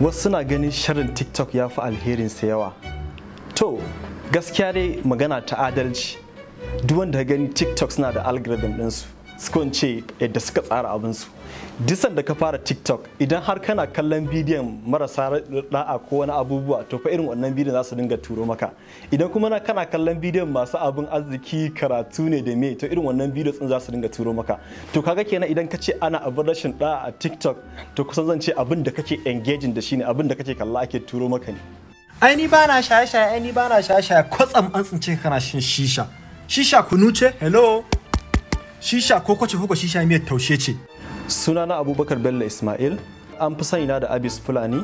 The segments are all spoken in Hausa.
wasu na ganin shirin tiktok ya fi alherin sa yawa to gaskiya dai magana ta adalci duk wanda gani tiktok suna da algorithm ɗinsu suka ce yadda suka tsara abinsu disan da ka fara tiktok idan har kana kallon bidiyon marasa da'a ko wani abubuwa to fa irin wannan bidiyon za su dinga turo maka idan kuma na kana kallon bidiyon masu abin arziki karatu ne da me to irin wannan bidiyon sun za su dinga turo maka to kaga kenan idan ka ce ana abin rashin da'a a tiktok to kusan zan ce abin da kake engaging da shi ne abin da kake kalla ake turo maka ne ai ni bana shaye-shaye ai ni bana shaye-shaye kwatsam an tsince kana shin shisha shisha kunu ce hello shisha ko kwace ko shisha mai taushe ce sunana abubakar bello ismail an fi ina da abis fulani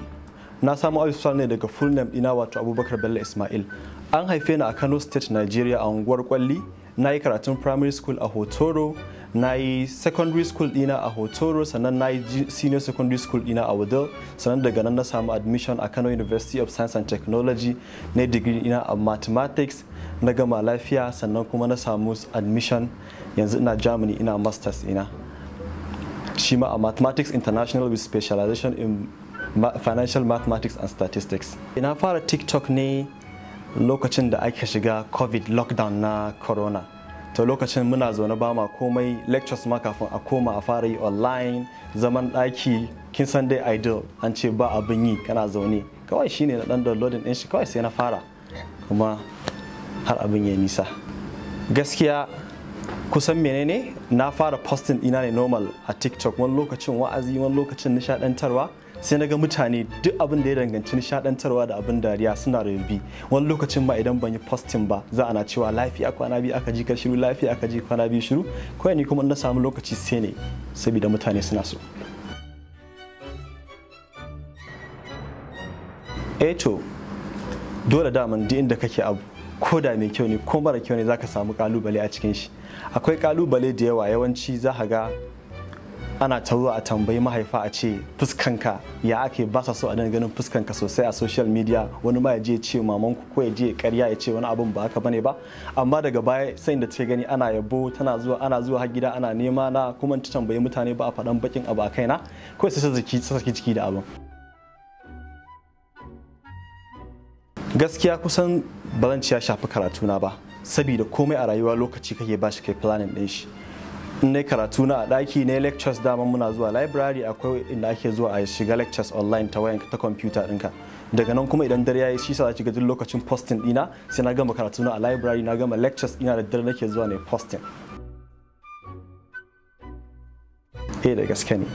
na samu abis fulani daga full name wato abubakar bello ismail an haife ni a kano state nigeria a unguwar kwalli na yi karatun primary school a hotoro na yi secondary school dina a hotoro sannan na yi senior secondary school dina a wadal sannan daga nan na samu admission a kano university of science and technology na yi digiri dina a mathematics na gama lafiya sannan kuma na samu admission yanzu ina germany ina masters ina shi ma a mathematics international with specialization in financial mathematics and statistics ina fara tiktok ne lokacin da ake shiga covid lockdown na corona to lokacin muna zaune ba ma komai lectures ma kafin a koma a fara yi online zaman ɗaki kin san dai idol an ce ba abin yi kana zaune kawai shine na dan downloading din shi kawai sai na fara kuma har abin ya nisa gaskiya kusan menene na fara posting ina ne normal a tiktok wani lokacin wa'azi wani lokacin nishadantarwa sai na ga mutane duk abin da ya danganci nishadantarwa da abin dariya suna da yulbi wani lokacin ma idan ban yi postin ba za a na cewa lafiya kwana biyu aka ji ka shiru lafiya aka ji kwana biyu shiru kawai ni kuma na samu lokaci sai ne saboda mutane suna so eto eh dole daman duk inda kake abu ko da mai kyau ne ko mara kyau ne zaka samu kalubale a cikin shi akwai kalubale da yawa yawanci za ka ga ana taruwa a tambayi mahaifa a ce fuskanka ya ake ba sa so a dan ganin fuskanka sosai a social media wani ma ya je ce mamanku ko ya je karya ya ce wani abun ba haka bane ba amma daga baya sai da take gani ana yabo tana zuwa ana zuwa har gida ana nema na kuma ta tambayi mutane ba a faɗan bakin abu a kaina ko sai ta saki ciki da abin gaskiya kusan ba zan ya shafi karatuna ba saboda komai a rayuwa lokaci kake ba shi kai planning din shi in dai karatu na a ɗaki ne lectures dama muna zuwa library akwai inda ake zuwa a shiga lectures online ta wayanka ta computer ɗinka daga nan kuma idan dare yayi shi sa shiga duk lokacin posting ɗina sai na gama karatu na a library na gama lectures ina da dare nake zuwa ne posting eh da gaske ne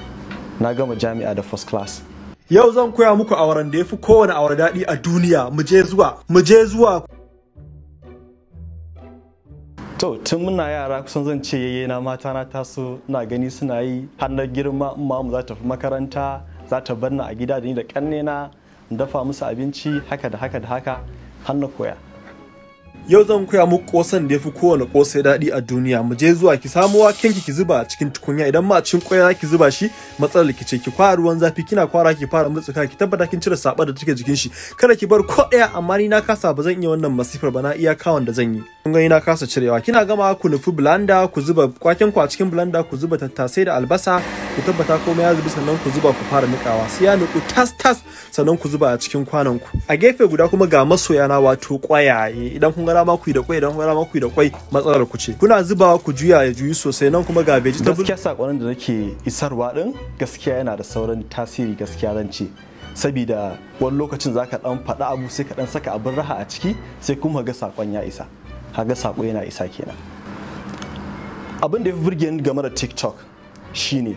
na gama jami'a da first class Yau zan koya muku auren da ya fi kowane awar daɗi a duniya. Mu je zuwa, mu je zuwa. To tun muna yara kusan zan ce yayye na mata na taso na gani suna yi har girma in mu za ta fi makaranta za ta bar ni a gida da ni da ƙannena dafa musu abinci haka da haka da haka har na koya. Yau zan koya muku kosan da yafi kowane ya daɗi a duniya. Mu je zuwa ki samo waken ki zuba a cikin tukunya idan ma a cikin kwaya ki zuba shi matsalar ki ce ki kwara ruwan zafi kina kwara ki fara mutsuka ki tabbata kin cire saɓar da take jikin shi. Kada ki bar ko ɗaya amma ni na kasa ba zan iya wannan masifar ba na iya kawon da zan yi. kun gani na kasa cirewa kina gama ku nufi blanda ku zuba kwakin ku a cikin blanda ku zuba tattasai da albasa ku tabbata komai ya zubi sannan ku zuba ku fara nikawa sai ya niku tas tas sannan ku zuba a cikin kwanan ku a gefe guda kuma ga masoya na wato kwayaye idan kun ga ma ku da kwai idan kun ga ma ku da kwai matsalar ku ce kuna zuba ku juya ya juyi sosai nan kuma ga vegetable gaskiya sakonin da nake isarwa din gaskiya yana da sauran tasiri gaskiya zan sabida wani lokacin zaka dan faɗa abu sai ka dan saka abin raha a ciki sai kuma ga sakon ya isa haga sako yana isa kenan abin da ya fi burge ni game da tiktok shine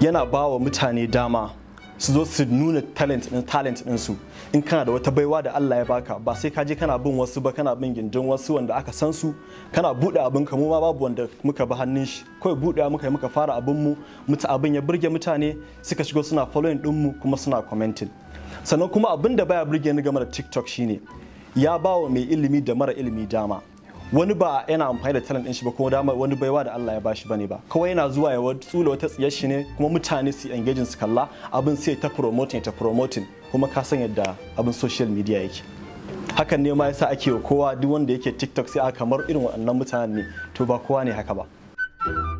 yana ba wa mutane dama su zo su nuna talent din talent ɗinsu in kana da wata baiwa da Allah ya baka ba sai ka je kana bin wasu ba kana bin gindin wasu wanda aka san su kana buɗe abin ka mu ma babu wanda muka bi hannun shi kai buɗe muka yi muka fara abin mu muta abin ya burge mutane suka shigo suna following din mu kuma suna commenting sannan kuma abin da baya burge ni game da TikTok shine ya ba wa mai ilimi da mara ilimi dama wani ba yana amfani da talent in shi ba kuma dama wani baiwa da Allah ya bashi bane ba kawai yana zuwa ya tsula wata tsiyar shi ne kuma mutane su engaging su kalla abin sai ta promoting ta promoting kuma ka san yadda abin social media yake hakan ne ma yasa ake wa kowa duk wanda yake TikTok sai a kamar irin waɗannan mutane ne to ba kowa ne haka ba